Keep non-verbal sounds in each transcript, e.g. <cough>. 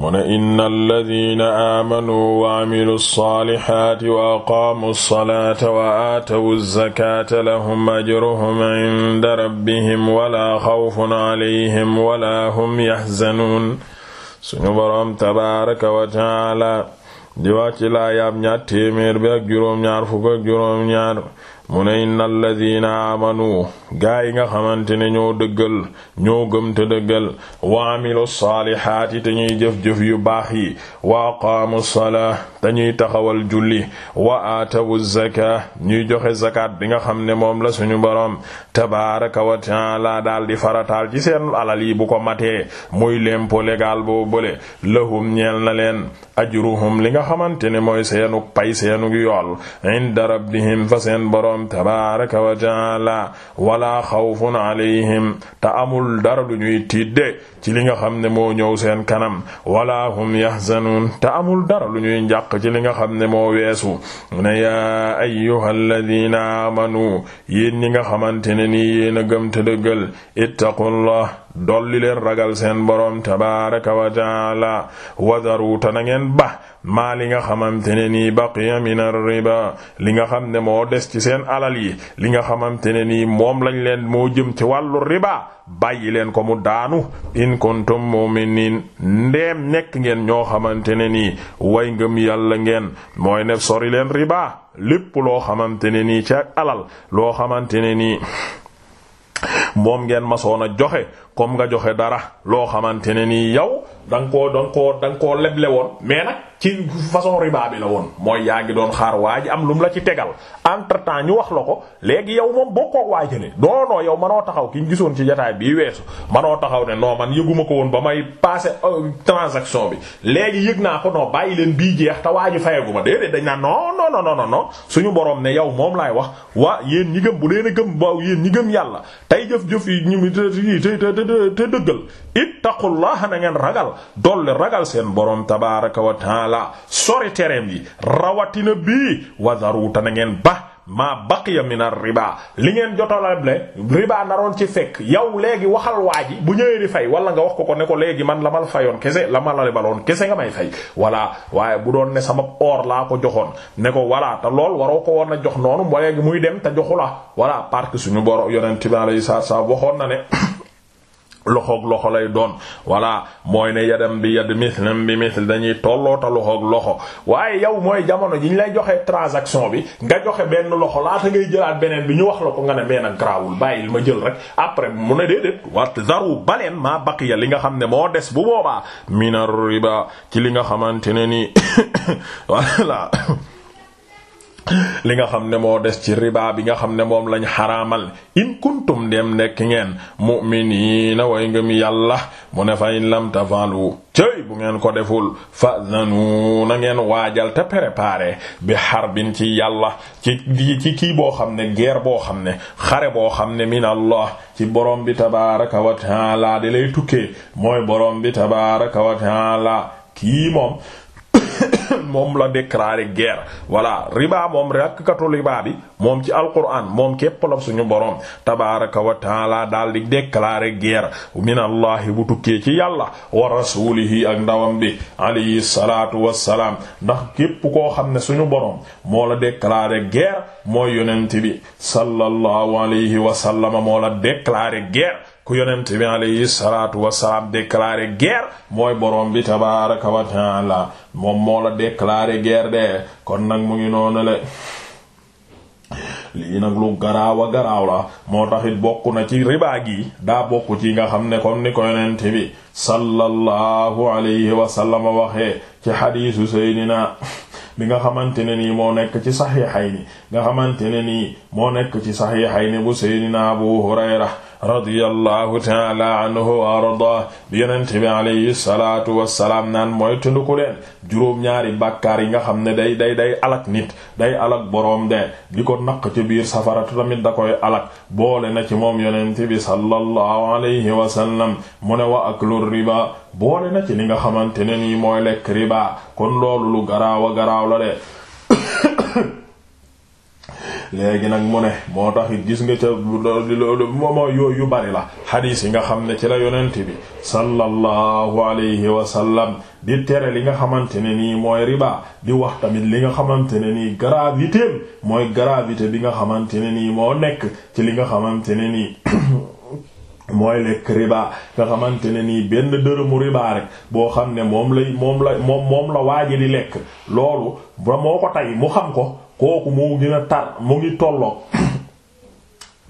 mu ne inna alladina aamanu wa amilu salihaati wa aqaamu salaata wa aatawu zakata lahum ajruhum inda rabbihim wala xawfun alayhim wala hum yaxzanuun suñu boroom tabaaraka wa taala di wax ci laayaab ñaar téeméer bi ak juróom-ñaar fukk ak juróom-ñaar mu ne inna alladina amanu gaa yi nga xamante ne ñoo dëggal ñoo gëm te dëggal wa amilu saalihaati te ñuy jëf-jëf yu baax yi wa aqaamu salaa dañuy taxawal julli wa aatawu zaka ñuy joxe zakat bi nga xam ne moom la suñu boroom tabaraka wa taala daal di farataal ci seen alal yi bu ko matee muy l'impôt légal boo bole lahum ñeel na leen ajruhum li nga xamante ne mooy seenu pay seenu yool inda rabbihim fa seen boroom tabaraka wa taala wala xawfun alayhim te amul dara du ñuy tiidde ci li nga xam ne moo ñëw seen kanam wala hum yahzanun te amul dara lu ñuy njàq dàq ci li nga xam ne moo weesu mu ne yaa ayyuhal amanu yéen ñi nga xamante ne ni yéen a gëm te dëggal ittaqullah dolli leen ragal seen borom tabaaraka wa taala wadaru ta na ngeen ba maa li nga xamante ne nii baqiya min ar-riba li nga xam ne moo des ci seen alal yi li nga xamante ne nii moom lañ leen moo jëm ci wàllu riba bàyyi leen ko mu daanu in kuntum ni ndeem nekk ngeen ñoo xamante ne nii way ngëm yàlla ngeen mooy ne sori leen riba lépp loo xamante ne nii ci alal loo xamante ne nii moom ngeen masoon a joxe comme nga joxe dara loo xamante ne nii yow dang ko koo da nga koo da leble woon mais nag ci façon riba bi la woon mooy yaa ngi doon xaar waa ji am lu mu la ci tegal entre temps ñu wax la ko léegi yow moom bokkoog waa jële doonoo yow manoo taxaw ki gisoon ci jotaay bii weesu manoo taxaw ne noo man yëguma ko woon ba may passé euh, transaction bi léegi yëg naa ko non bàyyi leen bii jeex te waa ji fayaguma de dañ naan no non non non non suñu borom ne yow moom laay wax waa yéen ñi gëm bu leen a gëm waaw yéen ñi gëm yàlla tey jëf-jëf yi ñu te te te dëggal ittaqullaha na ngeen ragal dolli ragal seen borom tabaaraka wa ta'ala taala sori tereem yi rawatina bii wadaruuta na ngeen ba maa baqiya min ar-riba li ngeen jotolable na naroon ci fekk yow léegi waxal waa bu ñëwee di fay wala nga wax ko ko ne ko léegi man la ma fayoon kese la ma la lebaloon kese nga may fay voilà waaye bu doon ne sama or laa ko joxoon ne ko voilà te lool waroo ko woon a jox noonu ba muy dem te joxu la voilà parce que suñu boro yonent bi alayhi salaam waxoon na ne <coughs> loxoog loxo lay doon voilà mooy ne yadam bi yad mislam bi misl dañuy tolloota loxoog loxo waaye yow mooy jamono ji ñu lay joxe transaction bi nga joxe benn loxo laata ngay jëlaat beneen bi ñu wax la ko nga ne mais nag bàyyi bàyyil ma jël rek après mu ne déedéet wat zaru baleen maa baqiya li nga xam ne moo des bu boobaa minar riba ci li nga xamante ne nii <coughs> voilà <coughs> li nga xam ne moo des ci riba bi nga xam ne moom lañ xaraamal kon dem nekk ngeen mu'miniina way ngëm yàlla mu ne fa in lam tafalu cëy bu ngeen ko deful fa nanu na ngeen waajal te préparer bi harbin ci yàlla ci kii boo xam ne guerre boo xam ne xare boo xam ne min allah ci borom bi tabaraka wa taala di lay tukkee mooy borom bi tabaraka wa taala kii moom <coughs> moom la déclaré guerre voilà riba moom ràkkatu riba bi moom ci alquran moom képp la suñu borom tabaraka wa daal di déclaré guerre minallahi bu ci yàlla wa rasulihi ak ndawam bi alayhi salatu wassalaam ndax képp koo xam ne suñu borom moo la déclaré guerre mooy yonent bi sallallahu alayhi wa moo la déclaré guerre ku yonent bi alayhi salaatu wassalaam déclaré guerre mooy borom tabaaraka wa taala moom moo la déclaré guerre de kon nag mu ngi noonu le lii nag lu garaaw a garaaw moo taxit bokk na ci riba gi daa bokk ci nga xam ne comme ni ko yonent bi sallallahu alayhi wa sallam waxee ci xadiisu seydina bi nga xamante ne ni moo nekk ci saxiixayni nga xamante ne nii moo nekk ci saxiixayni bu seydina Abu Hurayra radiyallahu taala anhu wa arda bi yonent bi alayhi salaatu wassalaam naan mooy tunduku leen juróom-ñaari bàkkaar yi nga xam ne day day day alak nit day alak boroom de li ko naq ci biir safaratu tamit da koy alak boole na ci moom yonent bi sallallahu alayhi wa sallam mu ne wa aklu riba boole na ci li nga xamante ne nii mooy lekk riba kon loolu lu garaaw garaaw la de <coughs> léegi nag mu ne moo tax it gis nga ca moo yooyu yu bari la xadiis yi nga xam ne ci la yonent bi sallallahu alayhi wa sallam di tere li nga xamante ne nii mooy riba di wax tamit li nga xamante ne nii gravité mooy gravité bi nga xamante ne nii moo nekk ci li nga xamante ne nii <coughs> mooy lekk riba nga xamante ne nii benn dërëmu riba rek boo xam ne moom lay moom la moom moom la waaji di lekk loolu ba moo ko tay mu xam ko kooku moo gën a tar mu ngi tolloog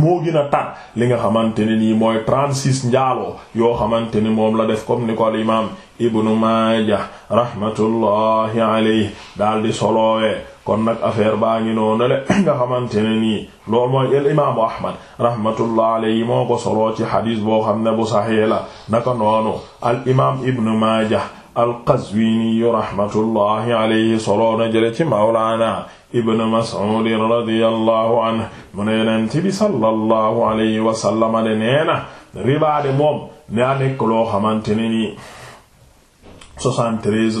moo gën a tar li nga xamante ne nii mooy 36 njaaloo yoo xamante ni moom la def comme ni ko al imaam ibnu maaja rahmatullahi alayhi daal di solowee kon nag affaire baa ngi noonu le nga xamante ne nii loolu mooy el imaamu ahmad rahmatullah alayhi moo ko soloo ci xadiis boo xam ne bu saxee la naka noonu al imaam ibnu maaja alqazwini rahmatullahi alayhi soloona jële ci mawlaana ibn Mas'ud radiyallahu anhu mu ne yonent bi sallallahu alayhi wa sallam de moom daa xamante ne nii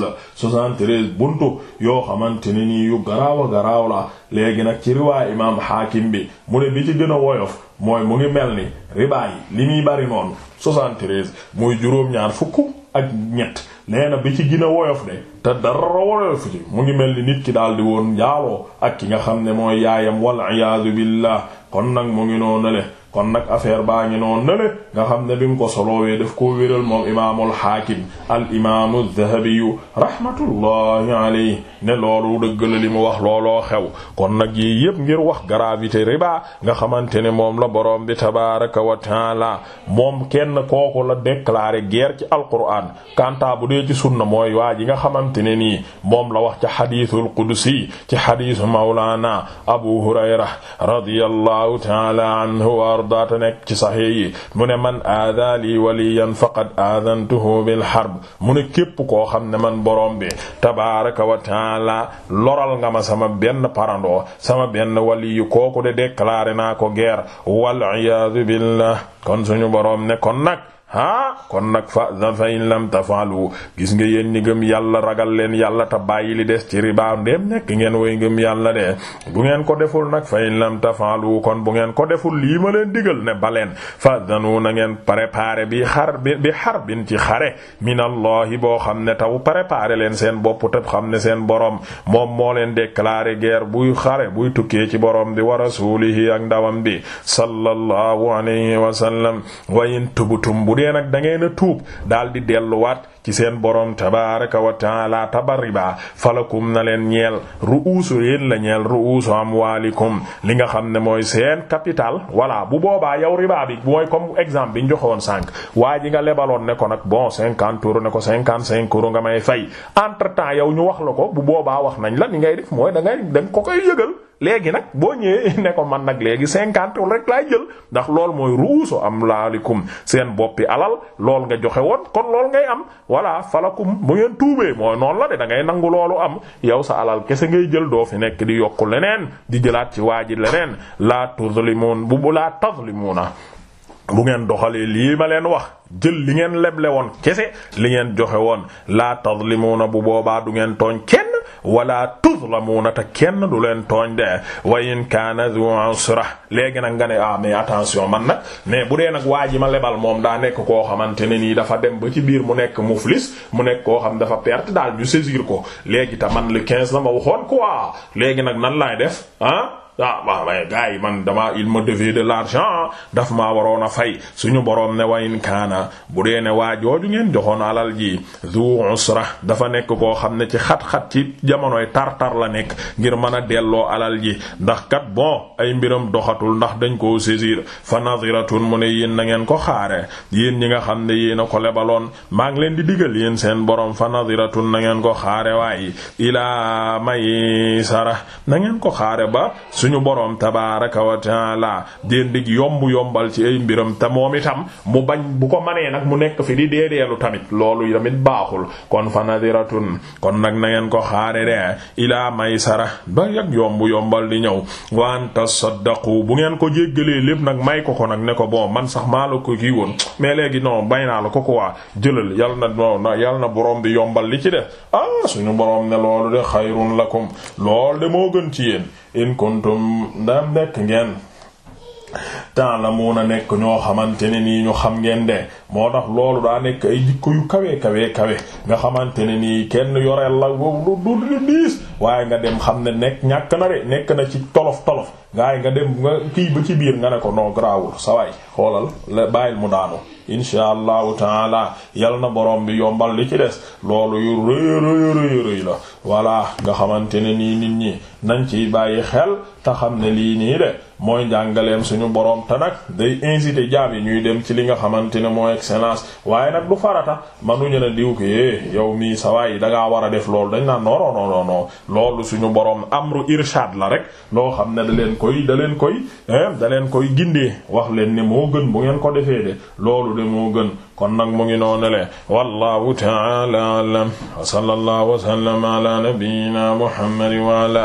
la 73 buntu yoo xamante ne nii yu garaaw a garaaw la léegi nag ci riwaa imaam Haakim bi mu ne bi gën a woyof mooy mu ngi mel ni riba yi li muy bari noonu 73 muy juróom-ñaar fukk ak ñett nee na bi ci gën woyof de te dara waral fu mu ngi mel ni nit ki daal di woon njaaloo ak ki nga xam ne mooy yaayam wal iyaadu billah kon nag mu ngi noonu le kon nag affaire baa ngi noonu nale nga xam ne bi mu ko soloowee def koo wéral moom imaamul haakim al imaamu dhahabiyu rahmatullahi alayhi ne loolu dëgg la li mu wax looloo xew kon nag yi yëpp ngir wax gravité riba nga xamante ne moom la borom bi tabaraka wa taala moom kenn kooku la déclaré guerre ci alquran kanta bu xamante ne nii moom la wax ci xadiisu mawlaana abu hurayra radiyallahu taala anhu wa nekk ci saxe mu ne man aada lii waliyan faqad aadantuhu bil harb mu ne képp koo xam ne man borom bi tabaraka wa taala loral nga ma sama benn parandoo sama benn waliyu kooku de déclaré naa ko guerre wal iyaadu billah kon suñu borom ne kon ah kon nag fa fa in lam tafalu gis nga yéen ñi gëm yàlla ragal leen yàlla ta bàyyi li des ci riba ndéem nekk ngeen way ngëm yàlla de bu ngeen ko deful nag fa in lam kon bu ngeen ko deful lii ma leen digal ne baleen fa danu na ngeen préparé bi xar bi xar bin ci xare minallahi boo xam ne taw préparé leen seen bopp te xam ne seen borom moom moo leen déclaré guerre buy xare buy tukkee ci boroom bi wa rasulihi ak ndawam bi sallallahu alayhi dee nag da ngeen a tuub daal di delluwaat ci seen borom tabaraka wa taala tabariba falakum na leen ñeel ru'uusu yéen la ñeel ru'uusu amwaalikum li nga xam ne mooy seen capital voilà bu boobaa yow riba bi mooy comme exemple bi ñu joxewoon sànq waa ji nga lebaloon ne ko nag bon cinquante euros ne ko cinquante cinq euros nga may fay entre temps yow ñu wax la ko bu boobaa wax nañ la léegi nag boo ñëwee <laughs> ne ko man nag léegi cinquante wala rek laay jël ndax lool mooy ruusu am laalikum seen boppi alal lool nga joxe woon kon lool ngay am voilà falakum bu ngeen tuubee mooy noonu la de da ngay nangu loolu am yow sa alal kese ngay jël doo fi nekk di yokku leneen di jëlaat ci waa ji leneen laa tuzlimun bu laa tazlimuna bu ngeen doxalee lii ma leen wax jël li ngeen leble woon kese li ngeen joxe woon laa tazlimuna bu boobaa du ngeen tooñ kenn wala na te kenn du leen tooñ de wa in kaana zu usra léegi nag nga ne ah mais attention man nag mais bu dee nag waa ji ma lebal moom daa nekk koo xamante ne nii dafa dem ba ci biir mu nekk muflis mu nekk koo xam dafa perte daal ñu saisir ko léegi te man le 15 la ma waxoon quoi léegi nag nan laay def ah. ah waaw waaye dama il me devait de l'argent daf waroon a fay suñu boroom ne wayin kaana bu dee ne waa ngeen joxoon alal ji zu dafa nekk koo xam ne ci xat-xat ci jamonoy tar-tar la nekk ngir mën a delloo alal ji ndax kat bon ay mbiram doxatul ndax dañ koo saisir fa nadiratun mu ne yéen na ngeen ko xaare yéen ñi nga xam ne yéen a ko lebaloon maa ngi leen di digal yéen seen boroom fa nadiratun na ngeen ko xaare waaye ilaa may sara nangeen ko xaare ba suñu boroom tabaaraka wa taala déen dig yomb yombal ci ay mbiram te moom itam mu bañ bu ko manee nag mu nekk fi di deedeelu tamit loolu tamit baaxul kon fa nadiratun kon nag na ngeen ko xaare de ilaa maysara ba yag yomb yombal di ñëw waan tasaddaqu bu ngeen ko jéggalee lépp nag may ko ko nag ne ko bon man sax maa la ko kii woon mais léegi non bay naa la ko ko waa jëlal yal na na yal na borom bi yombal li ci def ah suñu borom ne loolu de xayrun lakum gën ci in kuntum ndam dekk ngeen na nekk ñoo xamante ne nii ñu xam ngeen de moo tax loolu daa nekk ay jikko yu kawe kawe kawe nga xamante ne nii kenn yoreel la lu du du diis waaye nga dem xam ne nekk ñàkk nekk na ci tolof tolof ngaay nga dem nga kii ba ci biir nga ne ko noo grawul sawaay xoolal la bàyyil mu daanu insha allahu taala yal na borom bi yombal li ci des loolu yu rëy rëy nga xamante ne nii nit ñi nañ ci bàyyi xel te xam ne lii nii de mooy njàngaleem suñu borom te nag day inciter jaam yi ñuy dem ci li nga xamante ne mooy excellence waaye nag du farata manuñu ne diw ko é eh, yow mii sawaay da ngaa war a def loolu dañ naan non non loolu suñu boroom amru irshad la rek loo xam ne da leen koy da leen koy eh, da leen koy gindee wax leen ne moo gën bu ngeen ko defee de loolu de moo gën kon nag mu ngi noonu le wallahu ta'ala la wa sallallahu wa sallama ala nabiyyina muhammad wa ala